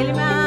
Elime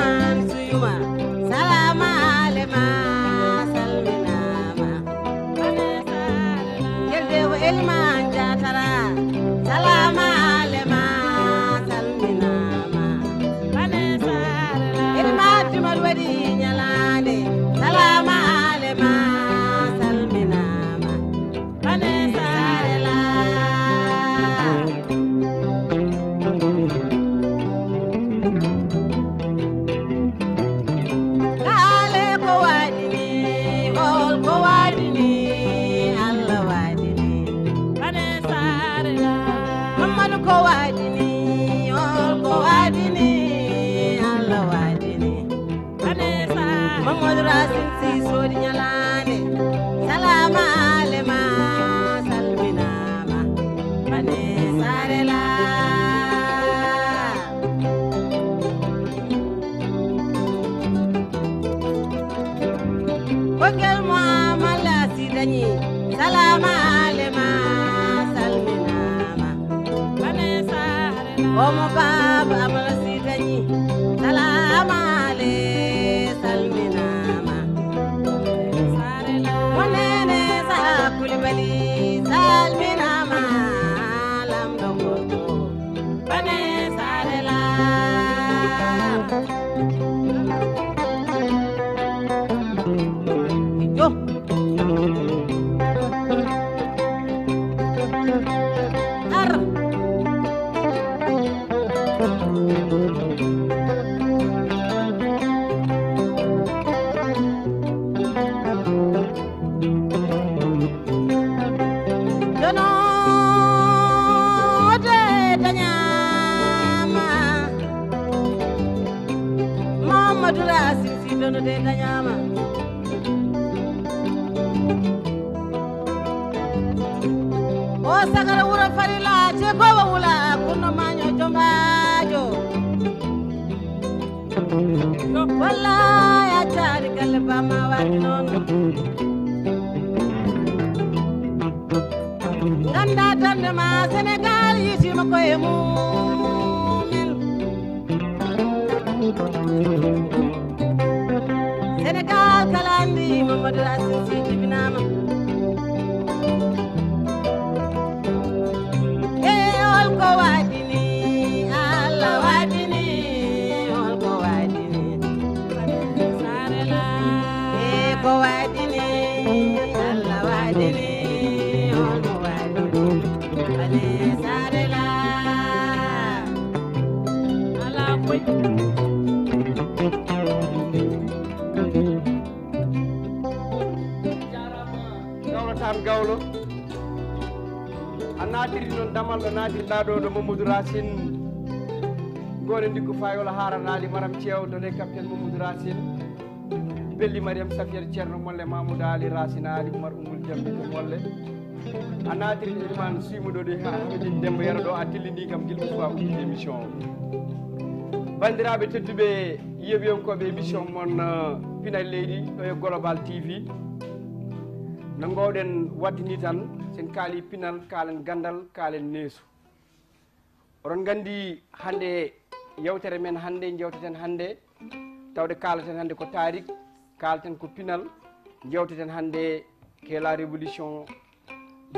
fayola haranali maram cewdo le capitaine mamadou racine belli mariam safiyar ceerno molle mamoudou ali racine ali oumar ummul jambiɗo molle a natiri iliman suymuɗo ɗo ha hamidin dembo yara ɗo a tillidi kam guila uswa ummide émission o bandiraɓe tedduɓe yeɓiyankoɓe émission moon euh, pinal leydi ɗo e global tv Nangoden gowɗen tan sen kali pinal kaalen gandal kaalen nesu. oɗon gandi hande yewtere men hannde jewteten hannde tawde kaalaten hannde ko taarik kaalaten ko pinal jewteten hannde ke la révolution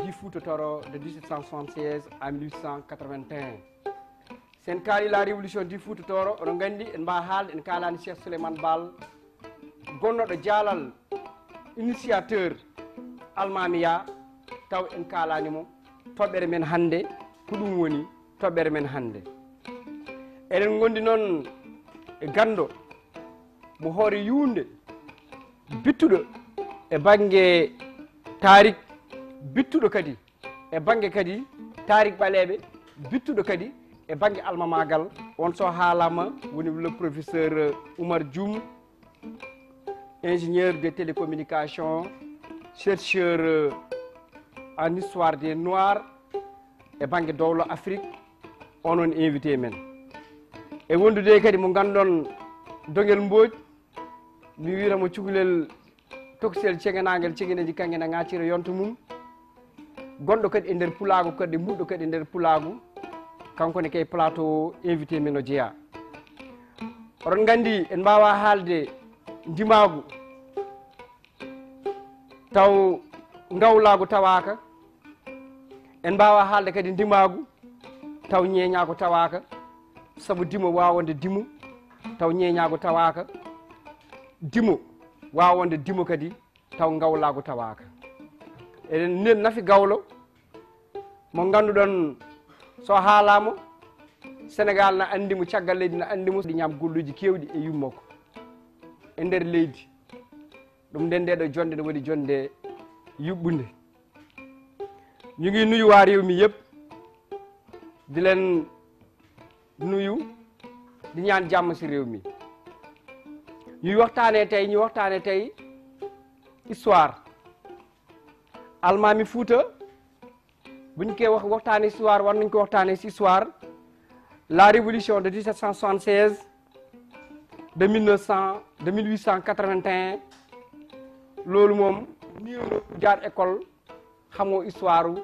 ji fuutotoro de 1776 à 1881 sen kaali la révolution di fuutotoro oɗo nganndi en mbawa haalde en kaalani cheikh souleymane baal gonnoɗo jaalal initiateur almamiya taw en kaalanimo toɓɓere men hannde ko ɗum woni toɓɓere men hannde eɗen gondi noon e gando mo hoore yunde bittuɗo e bangge tarik bittuɗo kadi e bangge kadi tarik ɓaleɓe bittuɗo kadi e bangge almamagal on so haalama woni le professeur oumar djoum ingénieur de télécommunication chercheur en histoire des noir e bangge dowlo afrique onon invité men e wondude kadi mo ganndon dogel mbooj mi wiitamo cukalel tokosel ceganagel ceganeji kanke na gaccira yonta mum gonɗo kadi e nder pulagu kadi mbuɗɗo kadi e nder pulagu kanko ne kay plateau invité men o jeeya oɗon nganndi en mbawa haalde ndimagu taw ngawlagu tawaka en mbawa haalde kadi ndimagu taw ñeñagu tawaka sabu dimo wawonde dimo taw ñeñago tawaka dimo wawonde dimo kadi taw gawlago tawaka eɗen nen nafi gawlo mo ganduɗon so haalamo sénégal na andimo caggal leydi na andimo ɗi ñam golloji kewɗi e yummakko e nder leydi ɗum nden ndeɗo jonde ne waɗi jonde yuɓɓude ñugui nuyuwa rewmi yeb dilen nuyu di ñaan jàmm si réew mi ñuy waxtaanee tey ñu waxtaanee tey histoire almaami Fuuta buñ koy wax waxtaanee histoire war nañ ko waxtaanee ci histoire la révolution de 1776 de 1900 de 1881 loolu moom nii jaar école xamoo histoire.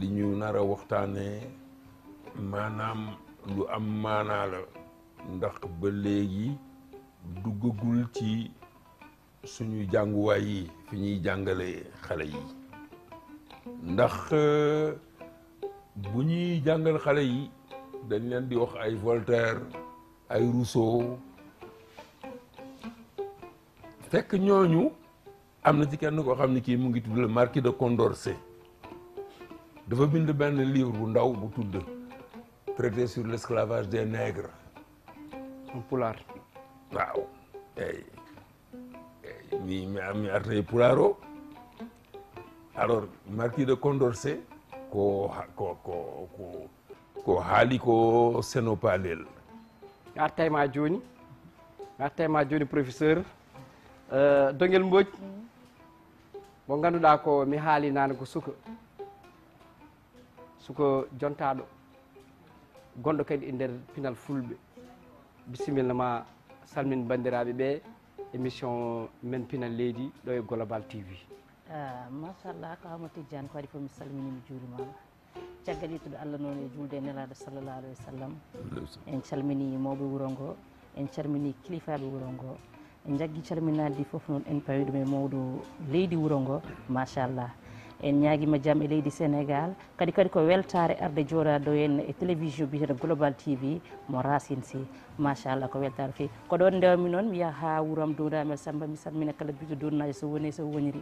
li ñu nar a waxtaanee maanaam lu am maanaa ndax ba léegi duggagul ci suñu jànguwaay yi fu ñuy jàngale xale yi ndax euh, bu ñuy jàngal xale yi dañ leen di wax ay Voltaire ay Rousseau fekk ñooñu am na ci kenn koo xam ne kii mu ngi tudd le marquis de Condorcet dafa bind benn livre bu ndaw bu tudd traité sur l'esclavage des nègres en pulaar waaw eyi eyi mi am mi arta e pulaar o alors marquis de Condorcet ko ko ko ko ko haali ko seno paalel arta e ma jooni arta e ma jooni professeur euh, dongel mbooj mo ngannduɗaa ko mi haali naane ko suka suko jontaɗo gonɗo kadi e nder pinal fulɓe bisimilla ma salmin bandiraɓe ɓe émission men pinal leydi ɗo e global tv ah, machallah ko amati diane ko waɗi fo mi salminimi juurima caggal ittuɗo allah noon e julde e nelaɗo sallallah alah wa sallam en calmini mawɓe wuro ngo en calmini kilifaɓe wuro ngo en jaggui calminade ɗi foof noon en pawiɗum e mawɗo leydi wuro ngo machallah en ñaaguima jaam e leydi sénégal kadi kadi ko weltare arde joɗado henn e télévision biyeteɗo global tv mo racine sy machallah ko weltare fewi ko ɗon ndewmi noon mi yaha ha wuuram dowdamel samba mi sammina kala bito donnaji so woni so woniri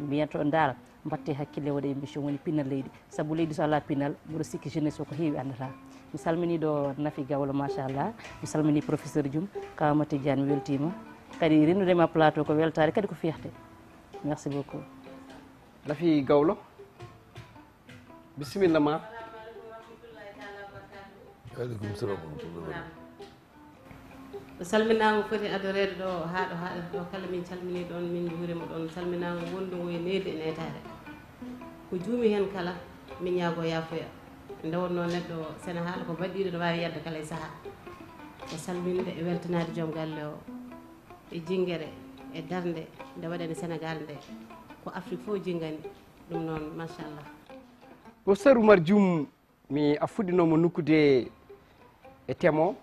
mbiyan to ndaal mbatte hakkille waɗa émission e woni pinal leydi saabu leydi so ala pinal mboɗo sikki jeunesse o ko heewi andata mi salmini ɗo nafi gawla machallah mi salmini professeur dium kawa matti diane mi weltima kadi rendudema plateau ko weltare kadi ko fiyahte merci beaucoup lafi gawlo bisimilla ma aleykum salam warahmatullahi salminama foti adorede ɗo haɗo haɗata ɗo kala min calmini ɗon min juurima ɗon salminama wondu woye neydi e netare ko juumi hen kala min ñaago yafoya ndewonno neɗɗo sene haala ko mbaɗɗiɗo ne wawi yedde kala e saaha e salminde e weltanade joom galle o e jinguere e darde nde waɗene sénégal nde ko afrique fof dum non machallah professeur oumar mi mo e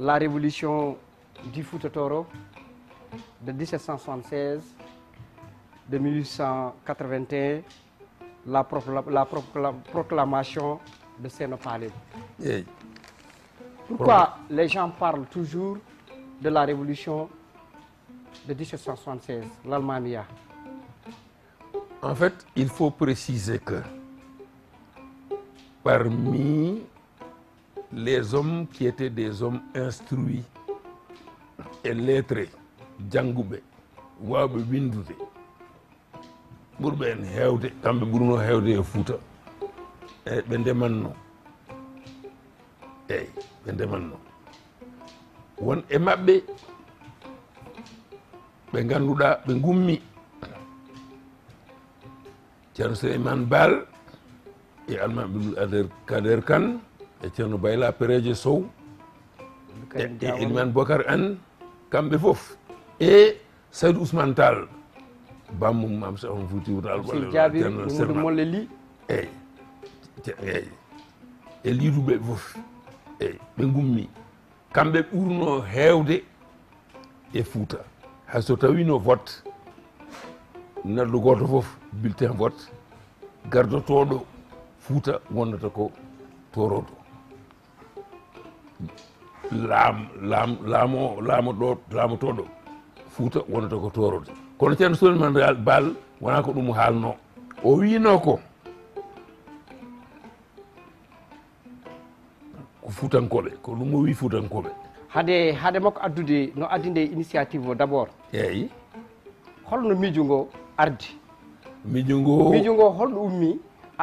la révolution du toro de 1776 de 1881 la, la proclamation de Sénopalais. Pourquoi les gens parlent toujours de la révolution de 1776, l'Allemagne en fait, il faut préciser que parmi les hommes qui étaient des hommes instruits et lettrés, Djangoube, Wabe Bindoude, Bourben Hewde, Kambe Bruno Hewde et Fouta, et Bendemanno, et Bendemanno, Wan Emabe, ben Bengoumi, ceerno souleymane baal e alma abdoul ader kader kane e ceerno bayla pérédio sow e ilmane e bocar an kamɓe fof e saydou ousmane tall bammum mamsaon fouti wural ɓoleernoolle li eyyi eyyi e liduɓe fof eyyi ɓe gummi kamɓe ɓurno hewde e fouta hayso tawino vote neɗɗo goto foof bultin vote gardotoɗo fuuta wonnata ko toroɗo laam laam laamo laamo ɗo laamotoɗo fuuta wonnata ko toroɗo kono ceerno solimen baal wona ko ɗum haalno o wino ko ko fuutankoɓe ko ɗum o wi fuutankoɓe hade hade makko addude no addi nde initiative o d' abord eyi holno miijo ngo ardi mijungo mijungo holɗo ummi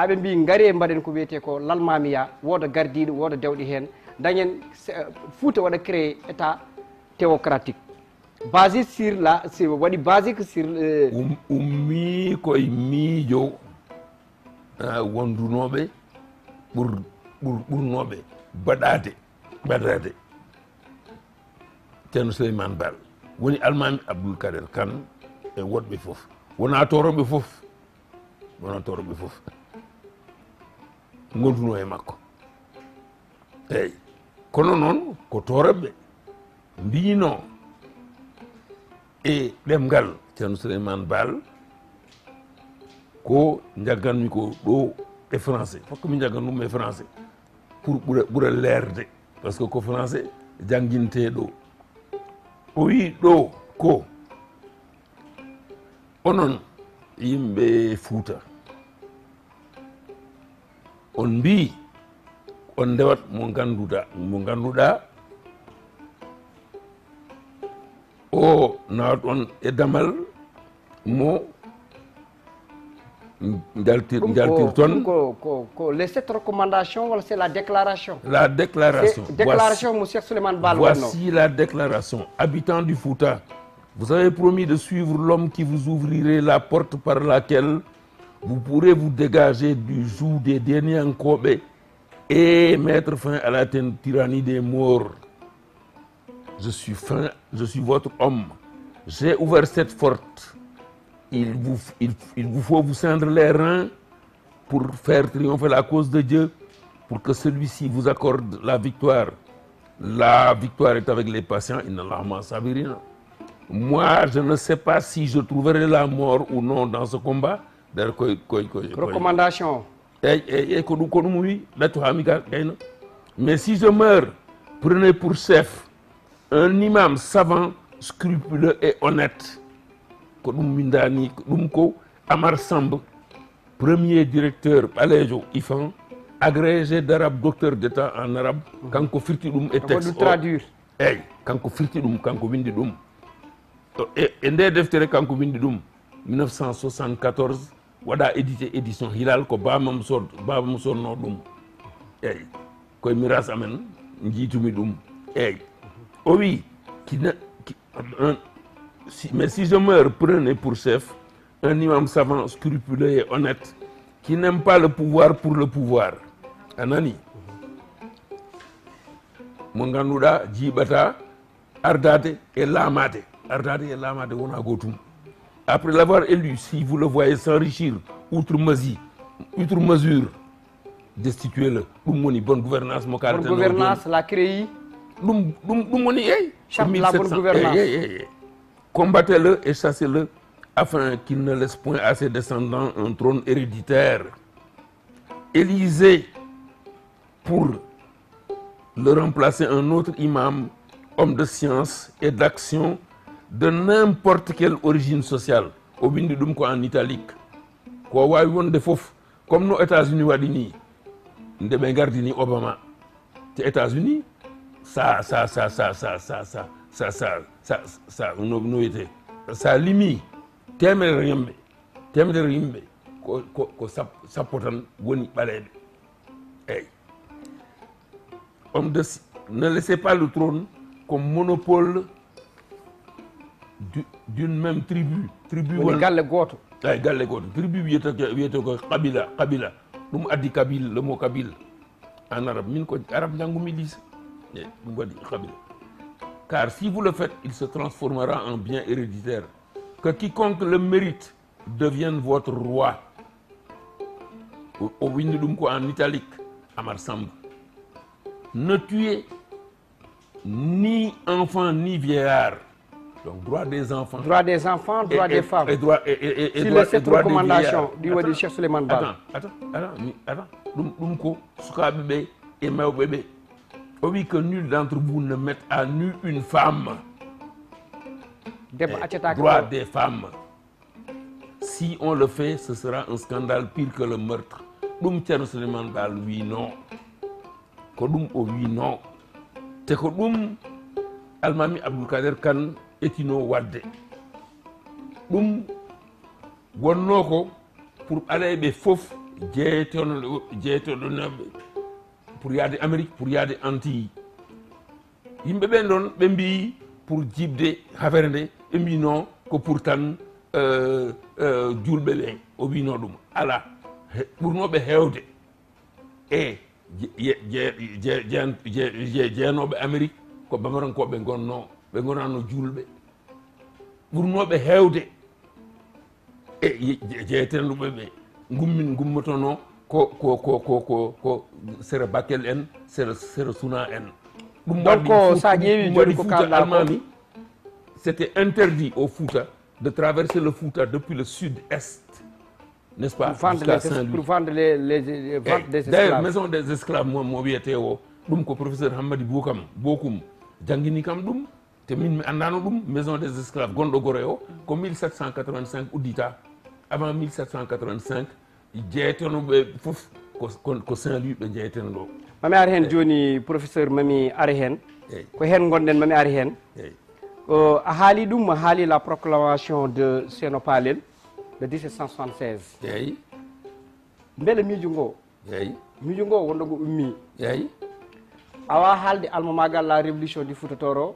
aɓe mbi gaare mbaɗen ko wiyete ko lalmamiya wooda gardiɗo wooda dewɗi hen dañen eh, fouta waɗa créé état théocratique basique sur la waɗi basique sur eh, um, ummi koye miijo wondunoɓe ɓur ɓur ɓurnoɓe baɗade baɗade ceno souleymane bal woni almami aboul kader kane e woɗɓe foof wona toroɓe fof wona toroɓe fof gonduno e makko eyi kono noon ko toroɓɓe mbiyino e ɗemgal ceerno souleyman baal ko jagganmi ko ɗo e français fo que mi jaggan ɗum e français pour ɓura ɓura lerde par ce que ko français jangguinteɗo o wi ɗo ko onon yimɓe fuuta on mbi on ndewat mo ganduɗa mo ganduɗa o nawaɗon e damal mo jaltir jaltir toon ko les sept recommandation wala c'est la déclaration la déclaration déclaration monsieur souleymane bal voici la déclaration habitant du fouta vous avez promis de suivre l'homme qui vous ouvrirait la porte par laquelle vous pourrez vous dégager du joug des derniers encobés et mettre fin à la tyrannie des morts. Je suis votre homme. J'ai ouvert cette porte. Il vous, faut vous cendre les reins pour faire triompher la cause de Dieu, pour que celui-ci vous accorde la victoire. La victoire est avec les patients. Inna Allahumma rien moi, je ne sais pas si je trouverai la mort ou non dans ce combat. Recommandation. Mais si je meurs, prenez pour chef un imam savant, scrupuleux et honnête. Amar Samb, premier directeur Ifan, agrégé d'arabe, docteur d'État en arabe, quand on traduire. Oh. Eh, to e nde deftere combien de ɗum 1974 waɗa édité édition hilal ko bamam sod sort non dum. Eh, koye miras amen jiitumi ɗum eyyi Eh, oh wi kina mais si je meurs prenez pour chef un imam savant scrupuleux et honnête qui n'aime pas le pouvoir pour le pouvoir anani mo ganduɗa jibata, ardade et laamade l'ama de Après l'avoir élu, si vous le voyez s'enrichir outre mesure, outre mesure destituez-le. bonne gouvernance, mon Bonne gouvernance, la eh, la bonne gouvernance. Eh, eh, Combattez-le et chassez-le afin qu'il ne laisse point à ses descendants un trône héréditaire. Élisez pour le remplacer un autre imam, homme de science et d'action de n'importe quelle origine sociale au windi ɗum ko en italique ko wawi wonde fof, comme nos états unis waɗi ni nde ɓe gardini obama te états unis ça, ça, ça, ça, ça, ça, ça, ça, ça ça ça no wiyete sa limi temedere yimɓe temedere yimɓe ko ko sappo tan woni balébe eyyi on de ne laissez pas le trône comme monopole d'une même tribu tribu woni galle gooto eyi tribu wiyete kabila kabila avons dit Kabila, le mot Kabila en arabe min ko arabe eh, car si vous le faites il se transformera en bien héréditaire que quiconque le mérite devienne votre roi Au en italique amar ne tuez ni enfant ni vieillard donc, droit des enfants. Droit des enfants, droit des femmes. Et droit, et, Sur les du chef Nous Suleiman Bal. Attends, attends, attends. Lumko, bébé et Mao bébé. Oui, que nul d'entre vous ne mette à nu une femme. Eh, droit des femmes. Si on le fait, ce sera un scandale pire que le meurtre. Dum Cheikh Suleiman Bal, oui, non. que oh, oui, non. Te nous, Almami Abdou Kader Kan, etino wadde ɗum wonno ko pour ɓaleɓe foof jeetono jeetoɗonoɓe pour yaade amérique pour yaade antilli yimɓe ɓen ɗon ɓe mbi pour jiɓde hafere nde ɓe mbino ko pour tan julɓe ɓe o wino ɗum ala ɓurnoɓe hewde e jeenoɓe amérique ko bamarankoɓe gonno ɓe gonanno julɓe ɓurnoɓe hewde e jeetenduɓe ɓe gummin gummatono ko ko ko ko ko ko sera bakel en sera sera suna en ɗum donc sa ƴeewi joni ko kalmami c' était interdit au fouta de traverser le fouta depuis le sud est n'est ce pas pour vendre les les eh, vente des d'ailleurs maison des esclaves mo wiyete o ɗum ko professeur hammadi boukam bokum jangini kam ɗum te min maison des esclaves gondo gore o ko 1785 uddita avant 1785 jeeytanoɓe fof ko saint louis be jeeytano ɗo mami ari heen jooni professeur mami ari hen ko hen gonden mami hen ko a hali dum a haali la proclamation de seno de 1776 eyi beele miijo ngoo eyi miijo ngoo wonɗo ngo ummi eyi awa halde almamagal la révolution du fouta toro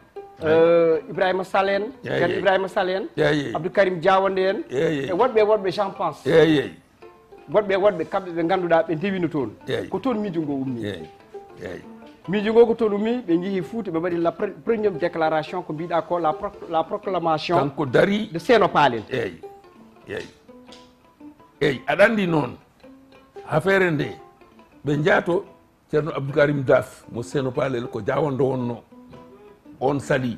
Euh, ibrahima sall en ceerno ibrahima sall en abdoulkarim diawande en e woɗɓe woɗɓe jean pense eyey woɗɓe woɗɓe kamɓe ɓe ngannduɗa ɓe ndewino toon ko toon miijo ngo ummi eyy miijo ngo ko toon ummi ɓe jeehi fouta ɓe mbaɗi la premiéme déclaration ko mbiɗa ko la proclamation kanko dari de seeno paalel eyi eyi eyi aɗa anndi noon affaire nde ɓe njaato ceerno abdoulkarim daf mo seeno paalel ko diawande wonno on sali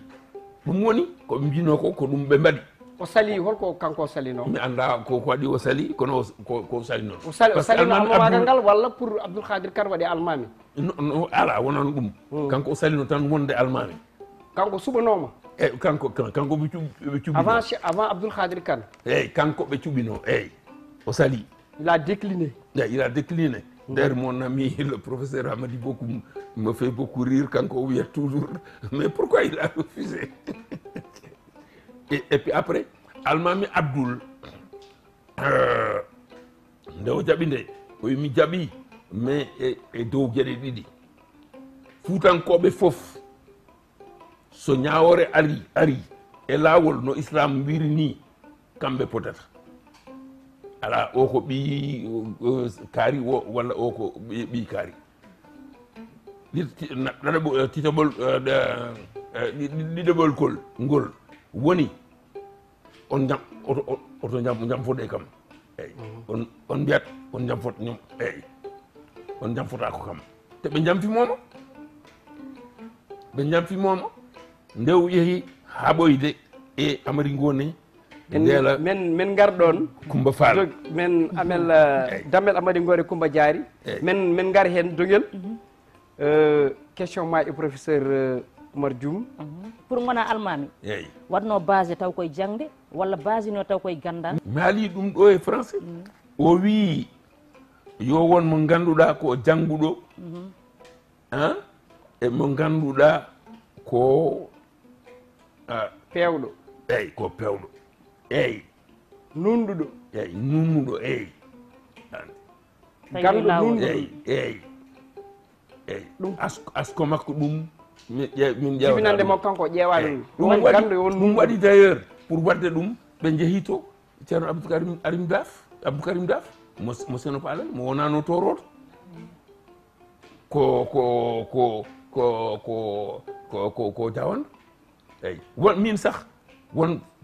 ɗum woni ko ɓe mbino ko ko ɗum ɓe mbaɗi o sali holko kanko salino mi anda ko waɗi o sali kono ko salino osalinoalmamagal ngal walla pour abdoulkhadir kar waɗi almami ala wonan ɗum hmm. kanko o salino tan wonde almami kanko suɓanoma eyyi eh, kanko kanko ɓe cuɓ avant avant abdoulkhadir kane eyyi eh, kanko ɓe cuɓino eyyi eh, o sali il a décliné eyyi il a décliné mon ami, le professeur dit beaucoup, me fait beaucoup rire quand on vient toujours. Mais pourquoi il a refusé et, puis après, Almami Abdul, euh, Jabinde, mi dit mais dit il Foutan dit Fof, Ali, Ari, où no Islam ni, Kambe peut-être. ala o ko ɓii kaari o walla o ko ɓii kaari eh, titaɓol eh, eh, ɗiɗaɓolkol ngol woni on jam oto jamfoɗe kam eyi mhm. on mbiyat on jamfot eyi on jamfotako kam te ɓe jamfimoma ɓe jamfimoma ndew yeehi ha ɓoyde e amari ngo ni men min ngarɗon coumba fal min amel uh, dammel amadi goore coumba diary min min ngar heen dogel mhm. uh, question ma e professeur uh, oumar dioum mhm. pour gona almami eyi watno base taw koye jangde walla base no taw koye gandal maali ɗum ɗo e français mhm. o wi yo won mo ganduɗa ko janguɗo han e mo ganduɗa ko pewɗo eyyi ko pewɗo eyyi nunduɗo eyyi nunnuɗo eyyi ganɗo nunɗo eyyi eyyi eyyi ɗum asko asko makko ɗum min ƴe min ƴew jibinande makko kanko ƴeewani ɗum ganɗo yo ɗum waɗi d' ailleurs pour waɗde ɗum ɓe jeehi to ceerno aboukarim arim daf aboukarim daf mo seno paalen mo wonano toroto ko ko ko ko ko ko ko dawanɗo eyyi won min sah won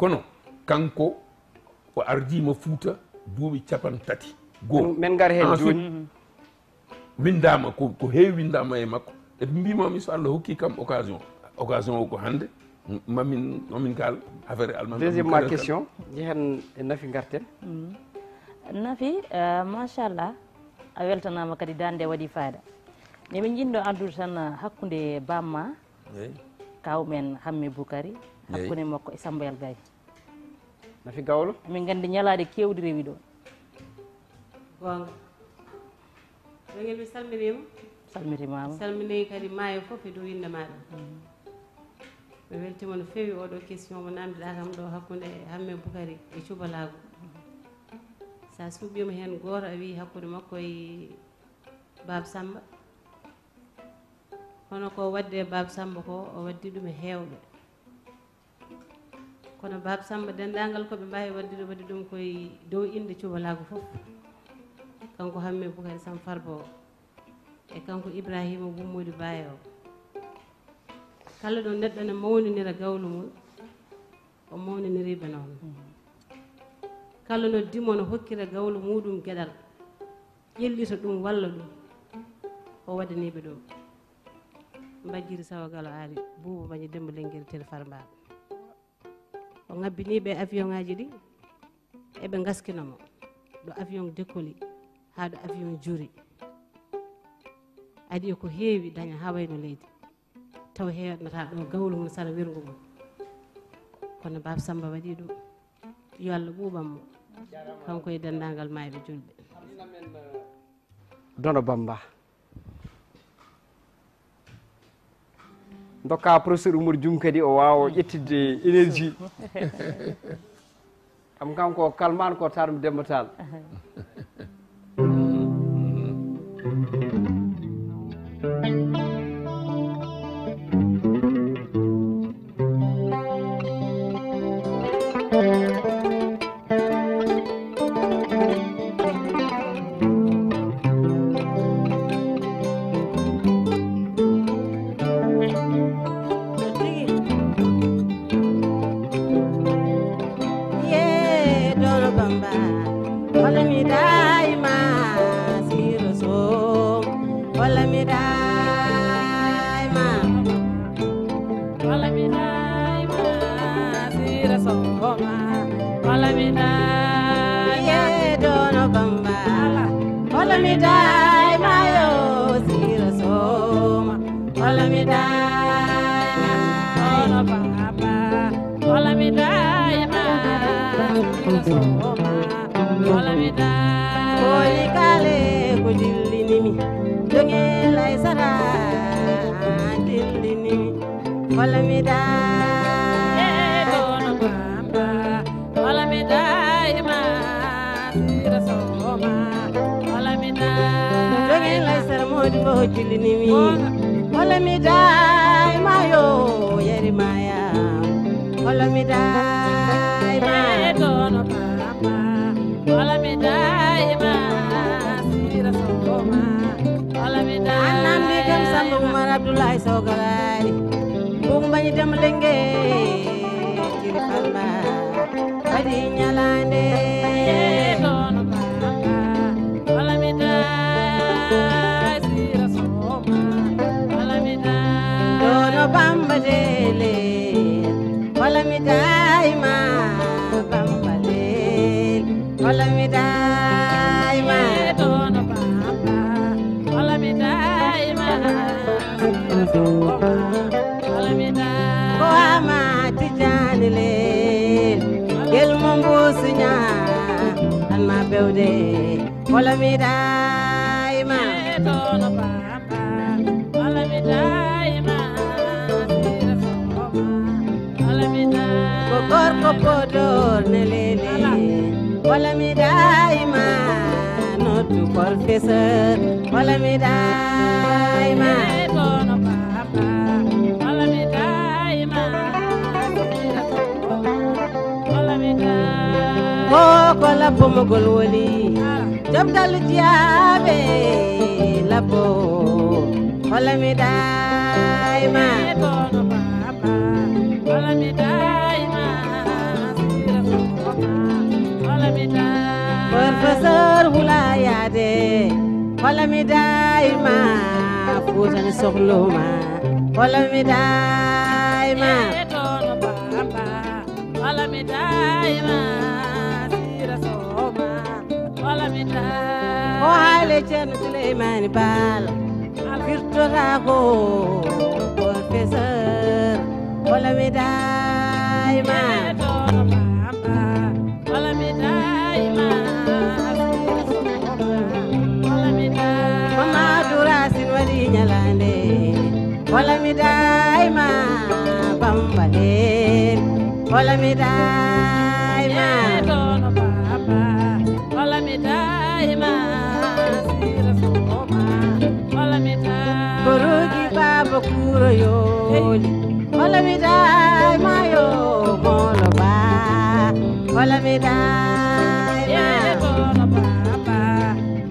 kono kanko o ardima fouta duuɓi capan tati goo min gar hen ah, joni windama ko heewi windama e makko eɓe mbimami so allah hokki kam occasion occasion o ko hande mamin mamin kal affaire almami deuxiéme moi question jehen e nafi garten mm. nafi euh, machallah a weltanama kadi dande waɗi faada nimin jinɗo andude tan hakkude bamma kawumen hamme boukary hakkude makko e sambayal gayi nafi gawlo min gandi ñalade kewdi rewi ɗo gonga ɗogel mi salminima salmitimama salmini kadi maayo foof e dow innamaɗa mi weltima no fewi oɗo question mo namdiɗa kam ɗo hakkude hammen boukari e, e cubalago sa suuɓima hen goto a wi hakkude makko e baaba samba hono ko wadde baaba samba ko o waddi ɗum e hewɓe kono baaba samba denndaangal ko ɓe mbaawi wadde ɗo waɗi ɗum koye dow innde cuɓalaago fof kanko hammi boukari sam farba o e kanko ibrahima wummudi baaya o kala ɗo neɗɗo ne mawninira gawlu mum o mawniniriɓe noon kala no dimo no hokkira gawlu muɗum geɗal ƴellito ɗum walla ɗum o waɗaniɓe ɗum mbajjiri sawa galo aari bouba bañi dembo lenngel tel farmbaɓe o ngabbini ɓe avion ngaji ɗi eɓe gaskinomo ɗo avion dekkoli ha ɗo avion juuri aɗi e ko heewi daña ha wayno leydi taw heewnata ɗo gawlu mum sara wirgu mum kono baaba samba waɗi ɗum yo allah ɓuɓanmo kanko e denndangal maayɓe julɓe dono bamba dokka professeur oumar jum kadi o wawa ƴettidde énergie kam kanko kalman ko tarmi dembatal ma bewde wala mi dayma tono papa wala mi dayma wala mi dayma ko gorko podor ne lele wala mi dayma notu professeur wala mi dayma lappomogol woni jom dallu jiyaaɓe labbo holami dayma professeur hulayade holami dayma fuutani sohluma holami dayma holami dayma haale ceerno souleymani baal firtora ko confesseur wala mi dayma mamadou racine waɗi ñalande wala mi dayma bambale wala mi kuro yoli Ola mi dai mayo molo ba Ola mi dai mayo molo ba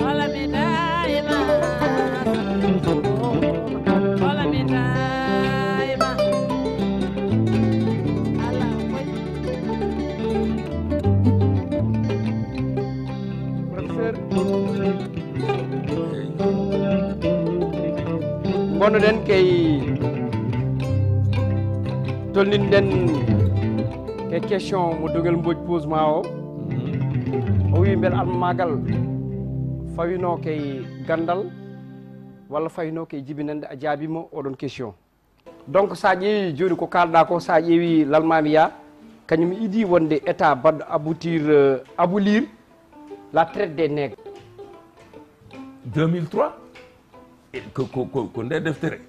Ola mi dai ma Ola mi dai ma Ala koi Professor Bono den kay e. tolnin den e question mo dogel mboj pose ma o mhm. o wi bel almagal fawino key gandal walla fawino key jibinande a jaabima oɗon question donc sa ƴeewi joni ko kalɗa ko sa ƴeewi lalmami ya kañum idi wonde état baɗɗo aboutir euh, abolir la traite des nègres 2003 eh, ko ko ko nde deftere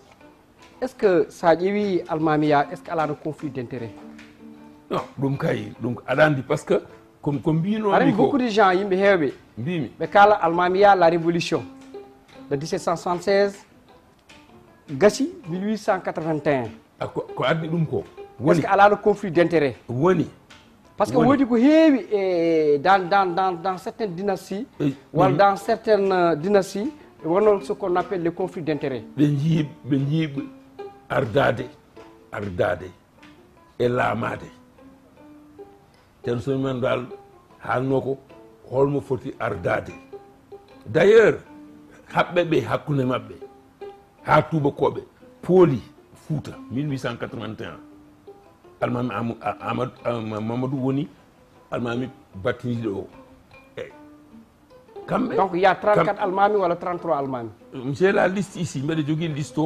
est-ce que ça ƴeewi almamiya est ce a alano conflit d'intérêt? non dum kay donc adandi parce que comme ko mbinomi aɗa andi beaucoup de gens yimɓe heewɓe mbimi ɓe kala almamiya la révolution de 1776 Gachi, 1881 ko addi ɗum ko est ce que conflit d'intérêt. woni parce que woodi ko heewi e dans dans dans dans certaines dynasties, eh, walla dans certaines euh, on a ce qu'on appelle le conflit d'intérêt. Ben ɓe ben ɓe Ardade, Ardade, e laamaade ceerno men dal haalno ko holmo foti ardade d'ailleurs ailleurs haɓɓe ɓe hakkunde maɓɓe ha tubakoɓe poli fouta 1881 almami amadou euh, mamadou woni almami battiniɗo o eh, Donc il y a 34 ou ou 33 Allemands. J'ai la liste ici mbeɗa jogui liste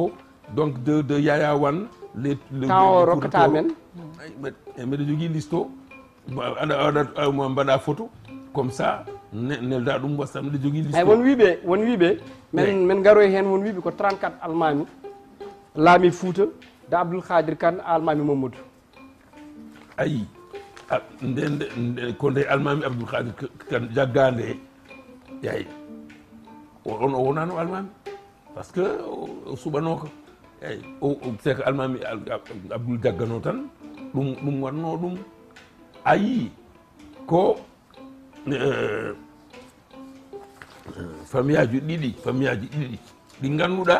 donc de, de Yaya Wan, les, le, Kaoro le mais eh, Mais du gui Listo, on photo, comme ça, da dum wasam de jogi listo eh, won wibe won wibe men men garo hen won wibe ko 34 almami Lami fouta da abdul khadir kan almami mamoud ay ah, nde ko nde almami abdul khadir kan jagande yayi on o wonano almami par que oh, o eyi c' que almami abdoul jaggano tan ɗum ɗum wanno ɗum a yii ko eh, famille aji ɗiɗi famille aji ɗiɗi ɗi ngannduɗa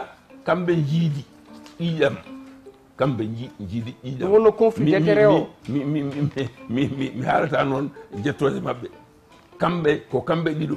kamɓe jiidi ƴiƴam kamɓe jiidi ƴiƴam wonno conflit intére o mi mi mi haalata noon jettoje maɓɓe kamɓe ko kamɓe ɗiɗo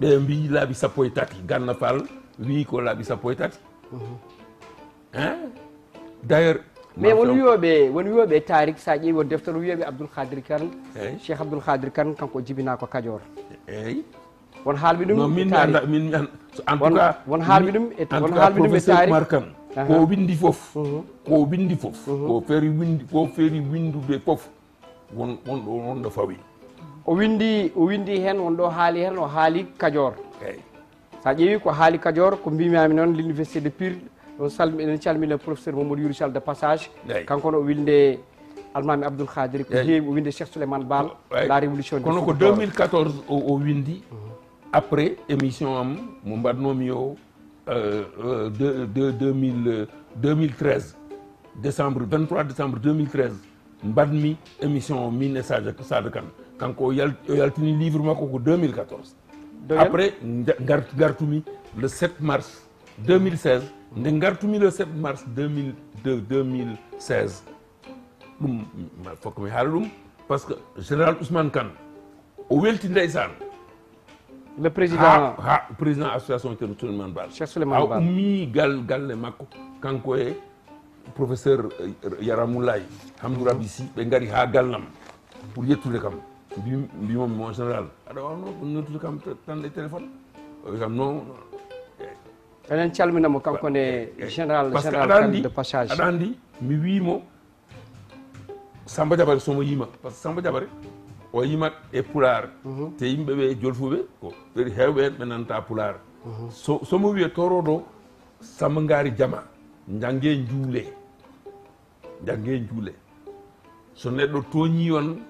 ɓe mbi laaɓi sappo e tati ganna fall wi ko laaɓi sappo e tati mhm. d' ailleurs mais won wiyoɓe won wiyoɓe tarik sa ƴeewi won deftere wiyoɓe abdoulkadir kane cheikh abdoulkadir kane kanko jibinako kadior eyi won haalɓe ɗummiwon haalɓe ɗum e won haalɓe ɗum e tarikmarkan ko windi fof mhm. ko windi fof mhm. ko feri windi ko feri windude fof won won ɗo won ɗo fawi o windi o windi hen on do Hali, hen o haali kadior sa ƴeewi ko haali kadior ko mbimiyami noon l' université de pire ɗon salmi professeur mamadou de passage kanko no o winde almami abdoul khadiri ko heewi o winde cheikh souleyman bal la révolution kono ko 2014 o windi après émission am mo mbatnomi de 2013 décembre 23 décembre 2013 mbatmi émission o min e sadio kanko o yaltini livre makko ko 2014 après gartumi le 7 mars 2016 nde gartumi le 7 mars 2016 ɗum fokka mi haala ɗum que général ousmane kane o welti ndeysan le président ha, ha président association ceerno souleymane bal cheikh souleymane bal a ummi gal galle makko kanko e professeur eh, yaramoulaye hamdourabi si ɓe gaari ha gallam pour yettude kam mbimo mimo général aɗa wawno ɗum nodtude kam tan e téléphone kam no enen calminamo kankone général généralde passage aɗa anndi mi wiimo samba jabare somo yiima par ce que samba jabare o yiima e pular mhm. te yimɓeɓe e jolfuɓe ko ɓeɗi hewɓe hen ɓe nanta pular mhm. somo wiye toro ɗo samba ngaari jama jangge juule jangge juule so neɗɗo toñi on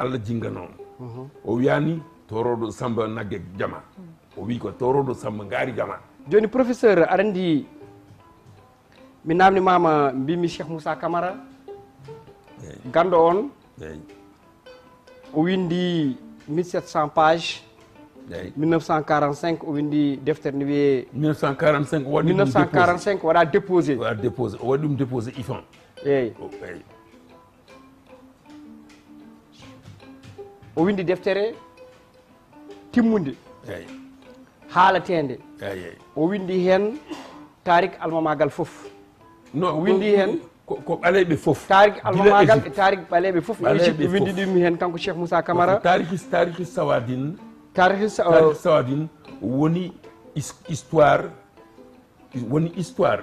allah jinganoma mhm. o wiyani toroɗo samba nagge jama mm. o wi ko toroɗo samba gaari jama joni professeur aɗa andi mi namdimama mbimi cheikh moussa camara ganɗo on eyi o windi 1700 page eyi 1945 o windi deftere ne wiye 1945 waɗi 1945 waɗa déposé waɗa déposé o waɗi ɗum déposé ifan eyi eyi o windi deftere timmude haalatede o windi hen tarik almamagal foof o windi hen ko ɓaleɓe foof tarik almamagal e tarik ɓaleɓe foof ɓe windi ɗum hen kanko cheikh moussa camara tariki sawadin tarik uh, sawadin woni histoire woni histoire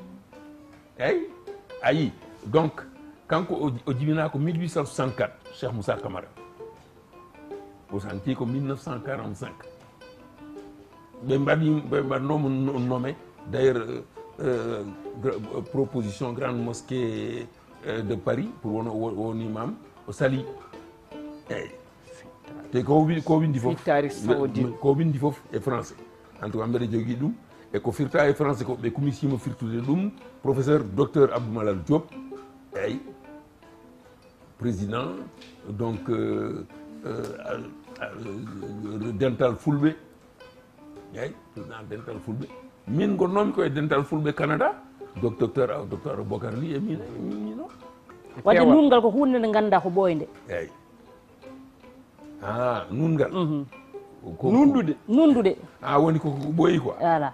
Aïe, aïe. donc quand on dit 1864 cher moussa Kamara, on santi en 1945 on a nom nommé d'ailleurs euh, euh, euh, proposition grande mosquée euh, de paris pour un imam au sali eyi te ko ko windi fof ko fof et français en tout cas eko firta e français ko ɓe commissima firtude ɗum professeur docteur abdoumalal diop eyyi président donc euh, euh, euh dental fulɓe eyyi président dental fulɓe min gonnomi koye dental fulɓe canada docteur docteur bocar li e min e mino e wadde nungal ko hunde nde ganduɗa ko ɓoynde eyyi a ah, nungal mhm. nunndude nunndude a ah, woni koko ɓoyi quoi voilà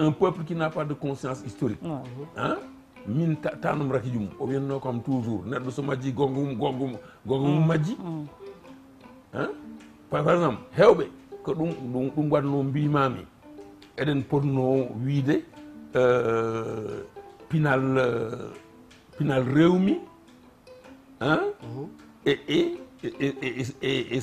un peuple qui n'a pas de conscience historique hein min tanum toujours gongum gongum mm, mm. hein par exemple euh, pinal euh, pinal rewmi hein mm-hmm. et et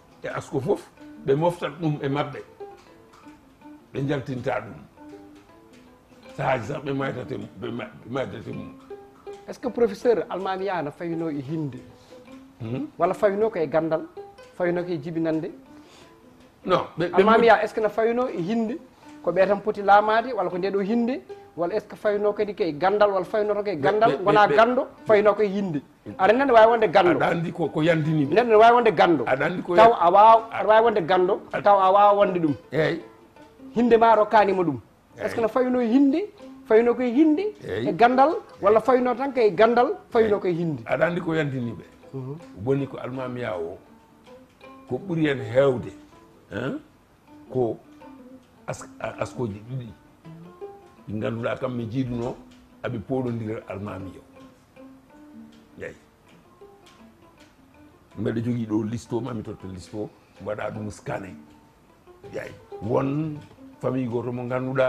e asko fof ɓe moftat ɗum e maɓɓe ɓe jaltinta ɗum sahaji sa ɓe maytate ɓe maytate mum est ce que professeur almami yaha no fawino e hinde hmm? walla fawino koye gandal fawino koye jibinande non almami yaha est ce que no fawino e hinde ko ɓe tan poti laamade walla ko nde ɗo hinde walla est ce que fayno kadi koye gandal walla fayno to koye gandal gona gando fayno koye yinde aɗa nanɗa wawi wonde gando aɗa andi ko yandini neɗɗo ne wawi wonde gando aɗa andi ko taw a waw aɗa wawi wonde gando taw a wawa wonde ɗum eyyi hinde maro kanima ɗum est ce que no fayno hinde e fayno koye hinde e gandal walla fayno tan koye gandal fayno koye hinde aɗa andi ko yandiniɓe mhm. woni ko almamiya o ko ɓuuri hen hewde hein ko askoji ɗiɗi ɗi ganduɗa kam mi abi podo ndir almami yo yayi mbeɗa jogui listo, liste mami to listo, o waɗa ɗum scané won fami goto mo ganduɗa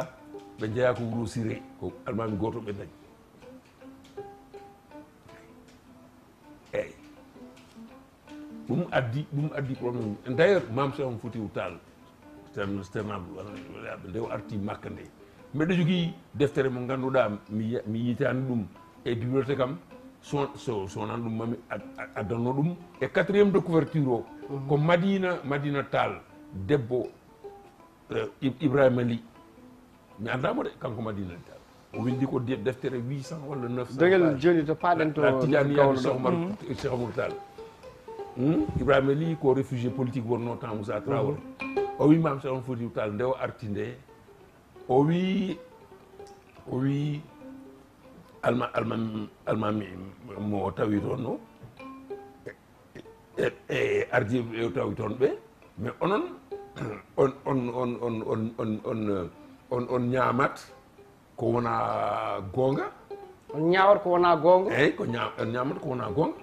be jeya ko wuro sire ko almami goto ɓe dañi eyi ɗum addi ɗum addi probléme d' ailleurs mam sehon foti tal tan wala nde arti makka mbeɗo jogii deftere mo ngannduɗaa mi yitaani ɗum e bibliothèque son sowonani ɗum mami addanno ɗum e de couverture comme ko madina madina tal debbo euh, Ibrahim Ali mi andamo quand kanko madina tal o windi ko deftere 800 walla 900 degel joni to paɗentotijaniyani cheikhmar cheikh amour tal hmm? ibrahima qui ko réfugié politique wonno temps moussa trawol mhm. o wimam cheikh on foti tal nde artinde o wi o wi alma alma almami mo tawi toon no e, e ardi e, e tawi toon ɓe mais onon on on on on on on on on ñaamat ko wona goonga on ñawat ko wona goonga eyyi ko on ñamat ko wona goonga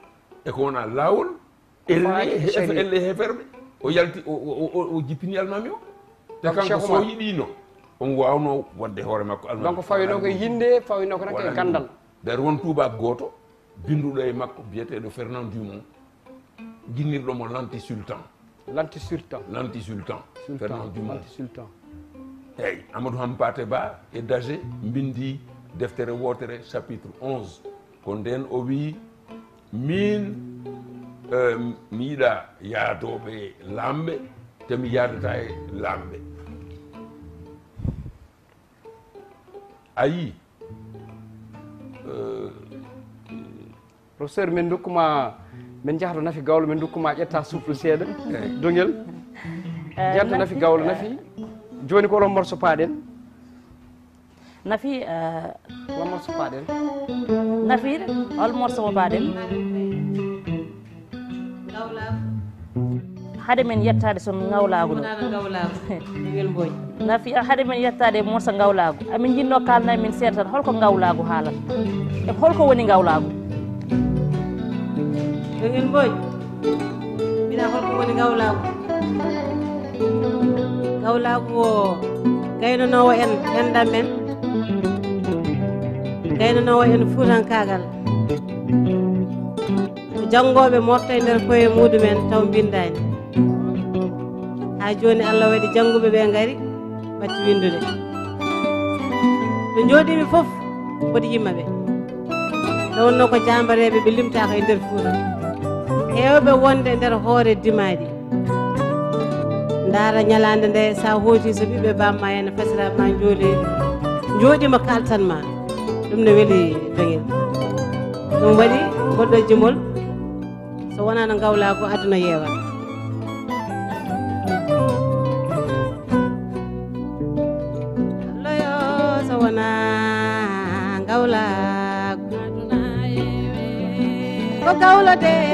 e ko wona laawol elle elle hefermé o yalti o jippini almami o te kanko so yiɗino on wawno un donc yinde gandal faut won Mac, makko de fernand dumont guinnirɗomo lanti sultan lanti sultan lanti sultan fernand dumont sultan amadou un ba et d'âge. bindi deftere chapitre 11 ko o wi min ya temi a yi euh, professeur min dokkuma min jahata nafi gawlo min dokkuma ƴetta souffle seeɗa dogel eh, jeyatta nafi gawlo eh. nafi joni ko olon morso paɗen nafi olon eh, morso paɗen nafire olon morso mo paɗen haade men yettade so gawlagu ɗo nafi haade men yettade mosa gawlagu amin jinno kalna min seeda tan holko gawlagu haalat e holko woni gawlagu ogel e mboy mbiɗa holko woni gawlagu gawlagu o gaynanowo en henɗan men gaynanowo en fuutankagal janngoɓe mofta e nder koye muɗumen taw bindani ha joni allah waɗi janguɓe ɓe gaari batti windude ɓe jooɗimi foof foti yimmaɓe nde wonno ko jambareɓe ɓe limtako e nder fuuta hewɓe wonde nder hoore dimaaɗi ndaara ñalande nde sa hooti so ɓiɓɓe bamma hene fasiraɓe ma jooli jooɗima kaltan ma ɗum ne weeli dañel ɗum waɗi goɗɗo jimol so wonano gawlago aduna yewat for gold day. Eh.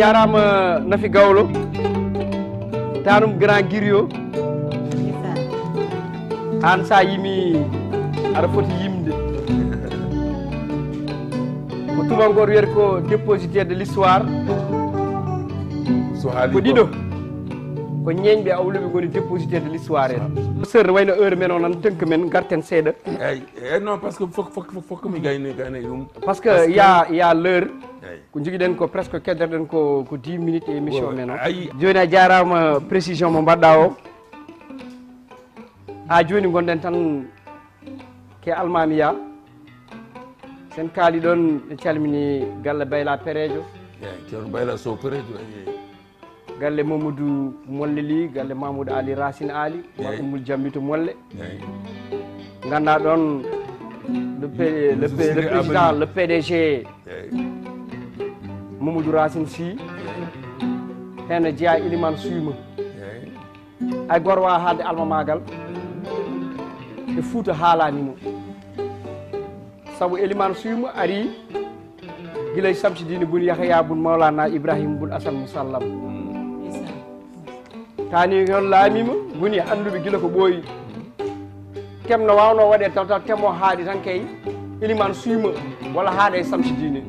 jarama nafi gawlo tanum grand guirio an sa yimi aɗa foti yimde ko tubankoto wiyata ko déposité de l' histoire so haali ko ɗiɗo ko ñeñɓe awluɓe goni déposité de l' histoire en so sœur way no heure men o nan tënk men garten seeɗa eyy eyi eh, non par ce que fok fok fok mi gayn gayna ɗum par ce que ya ya l' heure ko jogiɗen ko presque kedderɗen ko ko 10 minutes e émission men o joni a jarama précision mo mbaɗɗa o ha joni gonɗen tan ke almami ya sen kaali ɗon ne calmini galla bayla pérédio eyi ceerno bayla sow pérédio eyy galle mamadou molle li galle mamoudou ali racine ali ma umul jambito molle nganda don le, le, le président le pdg mamadou racine sy hene jeeya ilimane suyma ay goro wawa alma magal e fouta mo sabu iliman suima ari samsi samsidine bun yahya bun maulana ibrahim bun asan musallam tani on laamima woni anduɓe gila ko ɓooyi kemno wawno waɗe taw taw temo haaɗi tan kay ilimane suyma walla haaɗa e samsi dine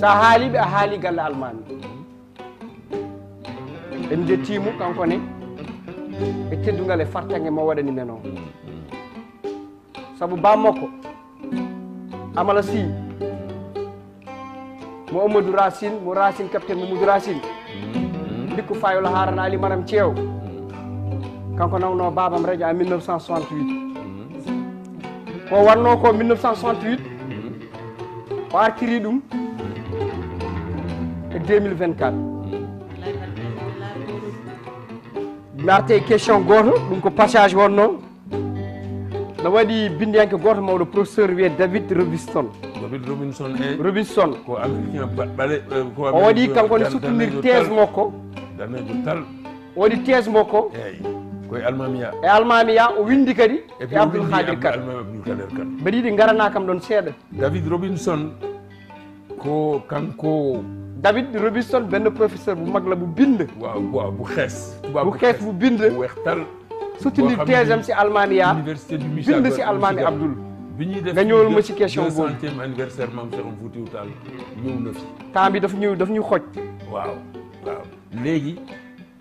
sa haaliɓe a haali galle almane en jettimo kankone e teddugal e fartange mo waɗani men o saabu bammakko amala si mo amadou racine mo racine capitaine mamadou racine dikku fayola harana ali maram ceew mm. kanko nawno babam radio en 1968 mm. ko wanno ko 1968 o artiri ɗum e 2024 naarte question goto ɗum ko passage wonno no waɗi bindiyanke goto mawɗo professeur wiye david robinson david robinson e robinson ko américain ɓaɗe o waɗi kankone sutonir thése makko danejo tal woni thèse Moko. Eh, koye almamiya e almamiya o windi kadi e, e abdoul hadir kane abdoulkader kane mbeɗa yiɗi garana kam ɗon seeɗa david robinson ko kanko david robinson ben professeur bu mag la bu bind wa wa bu xess bu xess bu bind weex tal ci thèse université du michel bind si almami abdoul bi def dañuul ma ci question boobu centième anniversaire mam Cheikh Oumar Foutiyou Tall na fi temps bi daf ñu daf ñu xoj waaw waaw léegi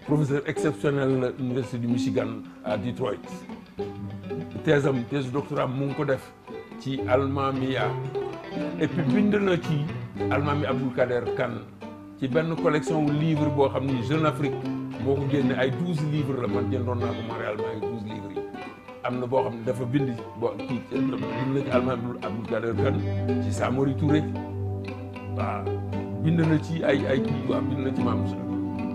professeur exceptionnel de l'Université du Michigan à Detroit thèse de doctorat mu ngi ko def ci et puis bind na ci Mia Abdoul Kader Kane ci benn collection de livres pour les Jeune Afrique moo ko génne ay douze livres la man jëndoon naa ko Montréal maa ngi livres yi am na boo xam ne dafa bind boo kii bind na ci Kader Kane ci Samori Touré waaw bind na ci ay ay kii ci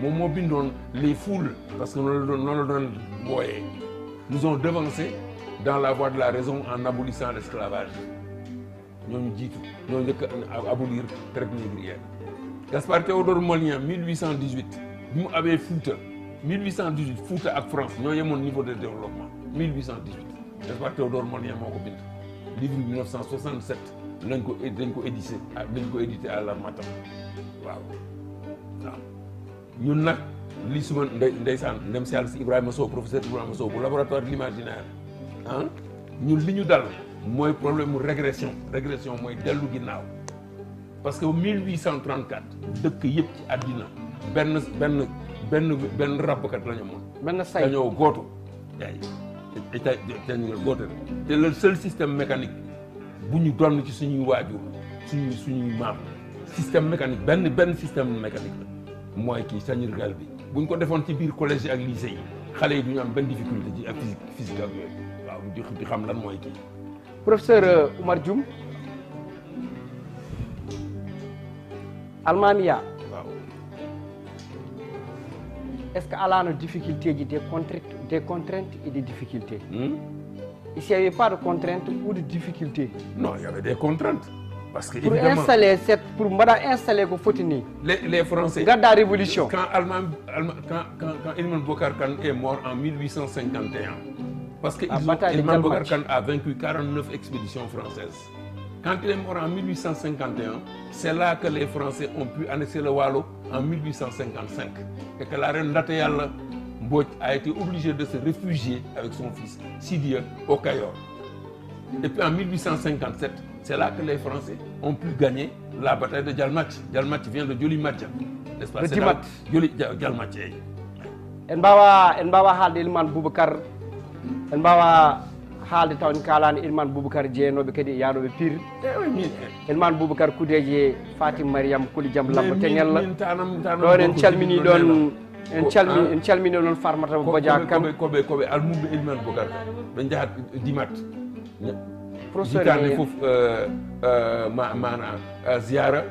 Mon mobile les foules parce que nous le donnons nous ont devancé dans la voie de la raison en abolissant l'esclavage Nous tout, ñoo njëkk a abolir traite négrière Gaspard Théodore Mollien 1818 nous avons fait, 1818 Fouta ak France avons mon niveau de développement 1818 Gaspard Théodore Mollien mon mobile. livre 1967 nous ko édité à la Waouh! Wow. Nous, nag li suma ndeysaan ndem si yàlla si Sow professeur Ibrahim Sow bu laboratoire de l'imaginaire ah ñun li dal problème mu régression régression mooy dellu ginnaaw parce que 1834 dëkk yëpp ci Ben Ben Ben Ben benn ràbbkat la ñu amoon. benn say dañoo gooto. te goto té le seul système mécanique buñu don ci suñu waajur suñuy suñu maam système mécanique Ben, Ben, système mécanique je ne sanirgal bi buñ ko defon ci biir collège ak lycée yi xalé yi am difficulté ci ak physique physique ak waaw di di xam lan moy ki professeur euh, Oumar Dioum Almania waaw est-ce que a difficulté ji des contraintes des contraintes et des difficultés hmm? il n'y avait pas de contraintes ou de difficultés non il y avait des contraintes pour installer les français quand Alman... quand quand est mort en 1851 parce que a vaincu 49 expéditions françaises quand il est mort en 1851 c'est là que les français ont pu annexer le Wallo en 1855 et que la reine Nathéal Yalla a été obligée de se réfugier avec son fils Sidia au Cayor et puis en 1857 c'est là que les Français ont pu gagner la bataille de Jalmatch. Jalmatch vient de Jolimatch, n'est-ce pas Petit Match. Jalmatch. en bawa, en mbawa haalde ilman boubacar en bawa haalde taw en kalani ilman boubacar jeeyanoɓe kadi e yanoɓe pir eh ilman boubacar kudeji fatim mariame kuli jaam lamba teñella ɗon en Chalmini don, en Chalmini, ah. en Chalmini don farmata bodia kam Kobe, Kobe, Almoube ilman boubacar ɓe jahat dimat hitande fof euh, euh, ma mana euh, ziyara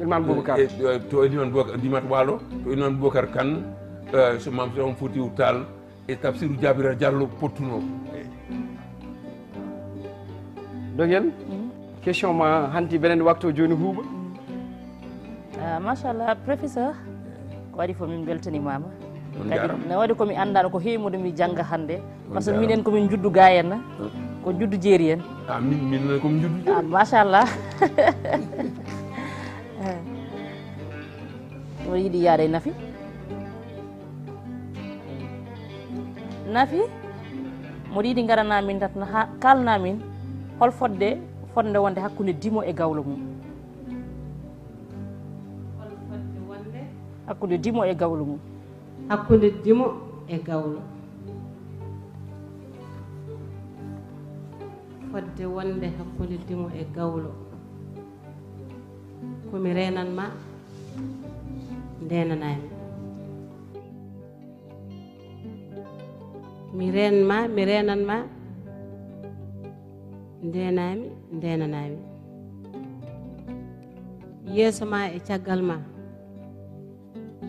ilman ah. boubacar to ini noon boubacar dimat waalo to ini noon boubacar kane so mam on foti tal e tafsirou jabira diallo pottuno dogel question ma hanti benen wakto joni huuɓa ah, machallah professeur ko waɗi fof min beltanimama kadi ne waɗi komi andano ko hewimude mi jangga hannde par ce que minen komin juddu gayenna ah. ko juddu jeeri amin min komi juddu sha Allah wo yiɗi yaade Nafi. nafi nafi moɗo yiɗi garanamin tan min. hol fodde fodde wonde hakkude dimo e gawlo mum hakkude dimo e gawlo mum hakkude dimo e gawlo fodde wonde hakkolildimo e gawlo komi renanma ndenanami mi renma mi renanma ndenami ndenanami yeeso ma e caggal ma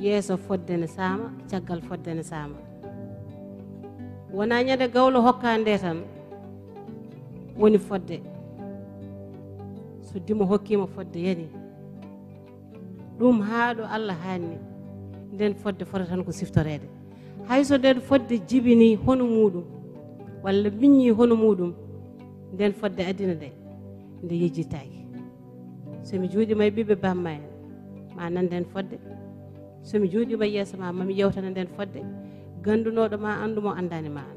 yeeso fodde ne saama caggal fodde ne saama wona ñande gawlo hokka nde tan woni fodde so dimo hokkima fodde yani ɗum haa ɗo allah hanni nden fodde fota tan ko siftorede hayso nden fodde jibini hono muɗum walla miñi hono muɗum nden fodde adina nde nde yejjitaki somi juuɗima e ɓiɓe bamma en ma nanden fodde somi juuɗima yeesa ma mami yewtana nden fodde gandunoɗo ma anndumo andani ma an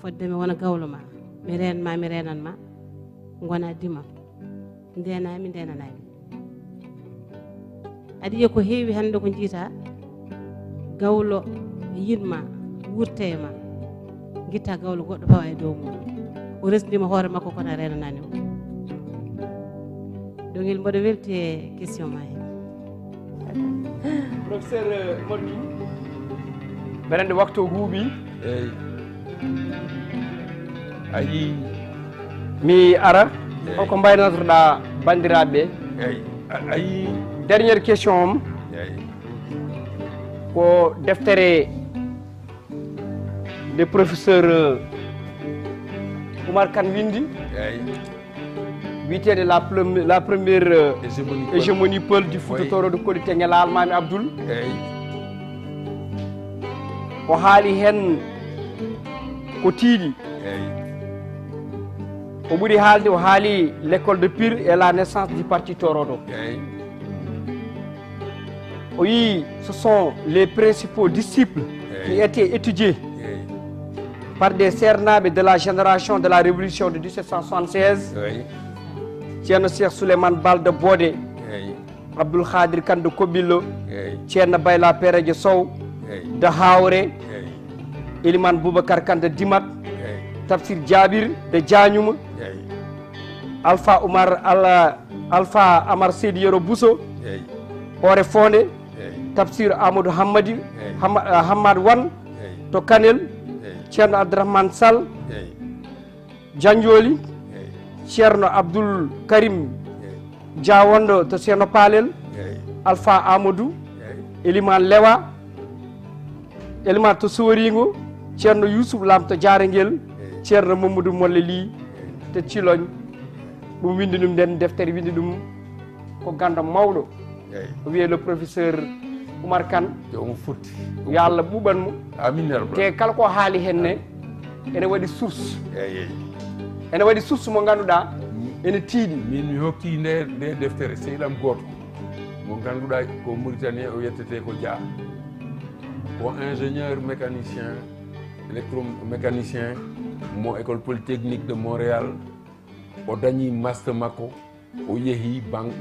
fodde mi wona gawluma mi renma mi renanma gona dimam ndenami ndenanami aɗa yiya ko heewi hande ko jiita gawlo yinma wurte ma guitta gawlo goɗɗo fawa e dow muɗum o resdima hoore makko kono a renanani o dongel mboɗo welti e question ma hen professeur modi mbeɗa nde waktu o huuɓi eyyi ayi mi ara holko mbaynatoɗa bandiraɓe ɓe ayi dernière question om ko deftere nde professeur oumar kane windi wiyetede la la première hégémonie peul du fototoro de koɗi teñelalmami abdoul o haali hen ko o L'école de pire et la naissance du parti Toronto Oui ce sont les principaux disciples qui étaient étudiés par des cernabes de la génération de la révolution de 1776 ceerno cheikh souleymane balde bodé Khadri khadir de kobilo ceerno bayla de sow de Hauré ilimane boubacar kanta dimat tafsir jabir de diagnuma alpha oumar ala alpha amar seydi yero bousso hoore fonde tafsir amadou hammadi hammad euh, wan to kanel ceerno abdourahmane sall dianjoli ceerno abdoul karim diawondo to seno palel alpha amadou elimane lewa elimane to sorigo ceerno yousouf lamto diare ngel ceerno mamadou molle li te ciloñ ɗum windi ɗum nden deftere windi ɗum ko ganda mawɗo o wiye le professeur oumar kane omo futti yo allah ɓuɓanmo amin te kala ko haali henne ene waɗi source ene waɗi source mo ganduɗa ene tiiɗi min mi hokki nde nde deftere sehilam goto mo ganduɗa ko mauritanien o yettete ko dia ko ingénieur mécanicien électromécanicien mon école polytechnique de Montréal au master Mako, au Yehi banque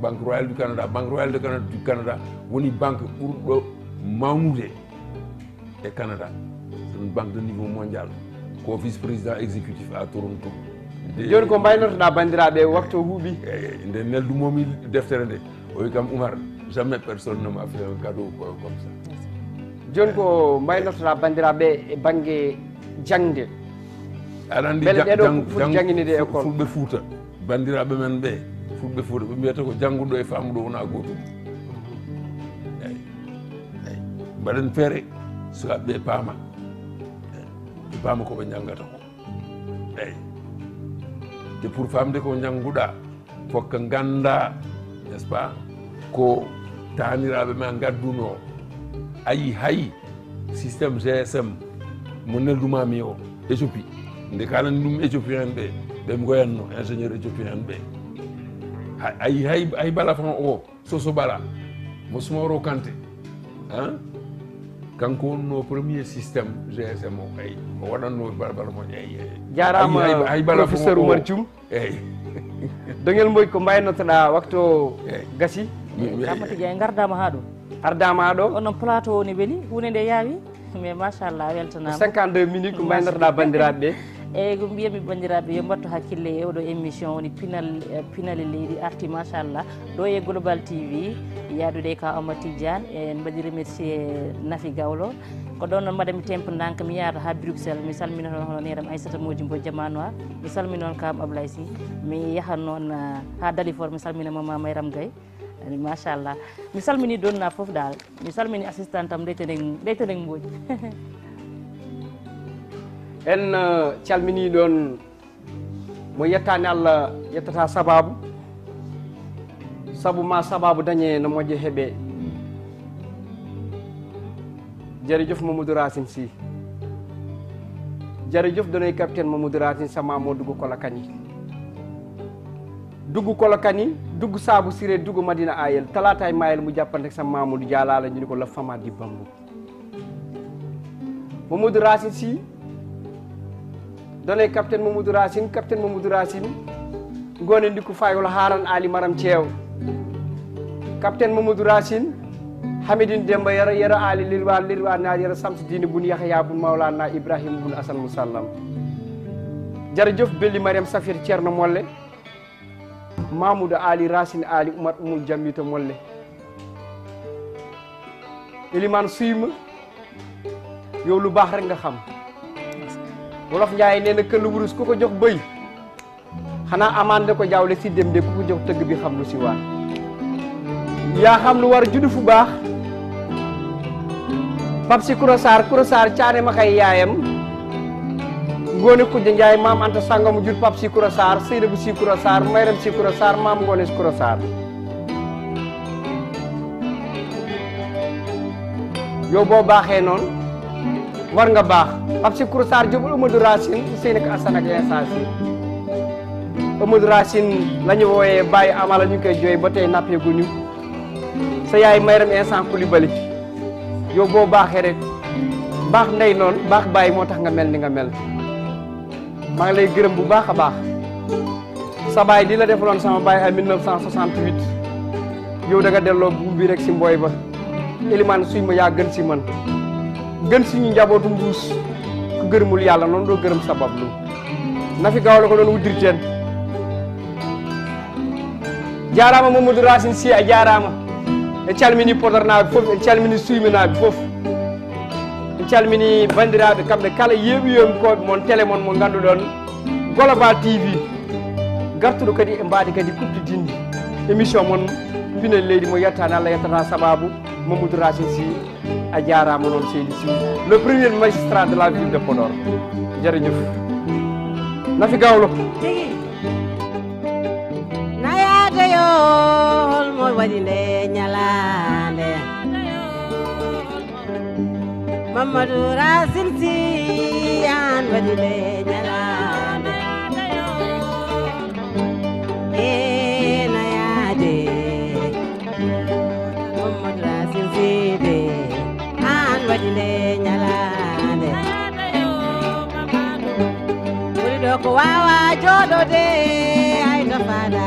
banque royale du canada banque Royale du canada une banque le mawnude et canada c'est une banque de niveau mondial co vice président exécutif à toronto je ne combine pas la bandera de eh, nde neldumomi jamais personne ne m'a fait un cadeau comme ça joni ko mbaynortoɗa bandiraɓe e bangi jangde aɗa di jang ɗeɗo foti jangguinide école fulɓe fouta bandiraɓe men be fulbe fouta be mbiyata ko jangudo e famuɗo wona goto eyi fere so be pama paama ɓe paama koɓe janggata ko eyi te pour famde ko janguda fokka ganda n'est ce pas ko taniraɓe men gadduno ayi hay systéme gsm mo nelɗumami o éthiopie nde kalani ɗum éthiopien ɓe ɓe goyanno ingénieur éthiopien ɓe ayi hay hay balafan o soso bala mo smoro kante hein kanko wonno premier systéme gsm o ay o waɗanno balabala moƴ ay jaramahay bala professeur oumar cum eyyi doguel moƴ ko mbaynotoɗa waktu o gasi ramata dia e gardama ha ɗo ardama ɗo onon plateau o ne weeli hunde nde yaawi mais machallah weltanama 52 minutes ko baynorɗa bandiraɓe ɓe eyyi ko mbiyami bandiraɓe yo mbattu hakkille e oɗo émission woni pinal eh, pinal e leydi arti machallah ɗo e global tv yaadude ka oma tidiane en mbaɗi remercié nafi gawlo ko ɗon noon mbaɗami tempo nanka mi yaada ha bruxelles mi salmino toon hono neram aissata moji mbo jamanoa e mi salmi noon kam ablaye sy mi yahan noon eh, ha dali for mi salmina mama mayram gaye ani mashallah Misal mini don na fof dal mi salmini assistant am leyteneng leyteneng boy en eh, mini don mo yettani allah yettata sababu sabu ma sababu dañe no moƴƴo heeɓe jarejuf mamadou si jari jarejuf donay capitaine mamadou racine sa ko la kanyi dugg kolokani dugg sabu sire, dugg madina ayel talaataay mayel mu jàppante sa mamadou la ñu ko la fama di bambu mamadou racine si donay capitaine mamadou racine capitaine mamadou racine ngoone ndiku fayul haran ali maram ciew capitaine mamadou racine hamidine demba yara yara ali lirwa lirwa na yara dine bun yahya bun maulana ibrahim bun asan musallam jarjeuf belli mariam safir ceerno molle mamoudou ali rasin ali oumar ummul jammito molle eliman suyma yow lu bax rek nga xam wolof njaay neena ke lu burus kuko jox beuy xana amande ko jawle si dem de kuko jox teug bi xam lu si wa ya xam lu war judd fu bax pap kurosar kurosar ciane ma kay yaayam ngone kujje njaay mam anta sanga mu jur pap sikura sar seyda bu sikura sar mayram sikura sar mam ngone sikura sar yo bo baaxee non war nga baax pap sikura sar jubul amadou racine seyna ka asan ak yansasi e amadou racine lañu wooyee bàyyi amala ñu koy jooy ba tey e nappeeguñu sa yaay mayram instant e kulibali yo bo baaxee rek baax ndey non baax bàyyi motax nga mel ni nga mel maa ngi lay gërëm bu baaxa baax sa bay di la defalon sama bay ay 1968 yow da nga delo bu bi rek ci mboy ba Elimane suy ma ya gën ci man gën ci ñu njabootu mbuss ku gërëmul yalla non do gërëm sa bab lu na fi gawlo ko don wuddir teen jaaraama a jaaraama e calmini podarna fof e calmini suymina fof calmini bandiraabe kamɓe kala yewiyomi mon télé mon mo ganduɗon global tv gartuɗo kadi e mbaadi kadi dindi émission mon pinel leydi mo yettani allah yettata sababu mamadou rachid si a jarama noon seydi si le premier magistrat de la ville de podor jërëjëf nafi gawlo nayadeyo holmo waɗi nde ñalande Mamadura Racine Sy yaan ba di E ñalaame ina yaa de Mamadou Racine Sy de aan ba di lay ñalaame buri doo ko de ay to faada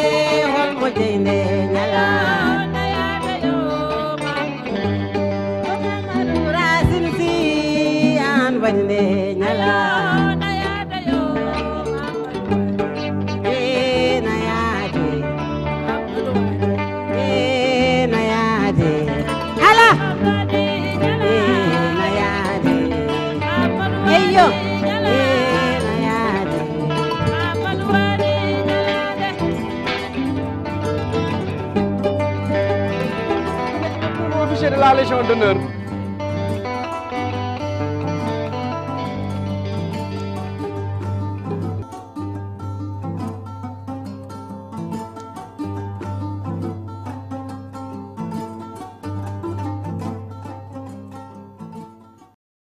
the Ordu'nun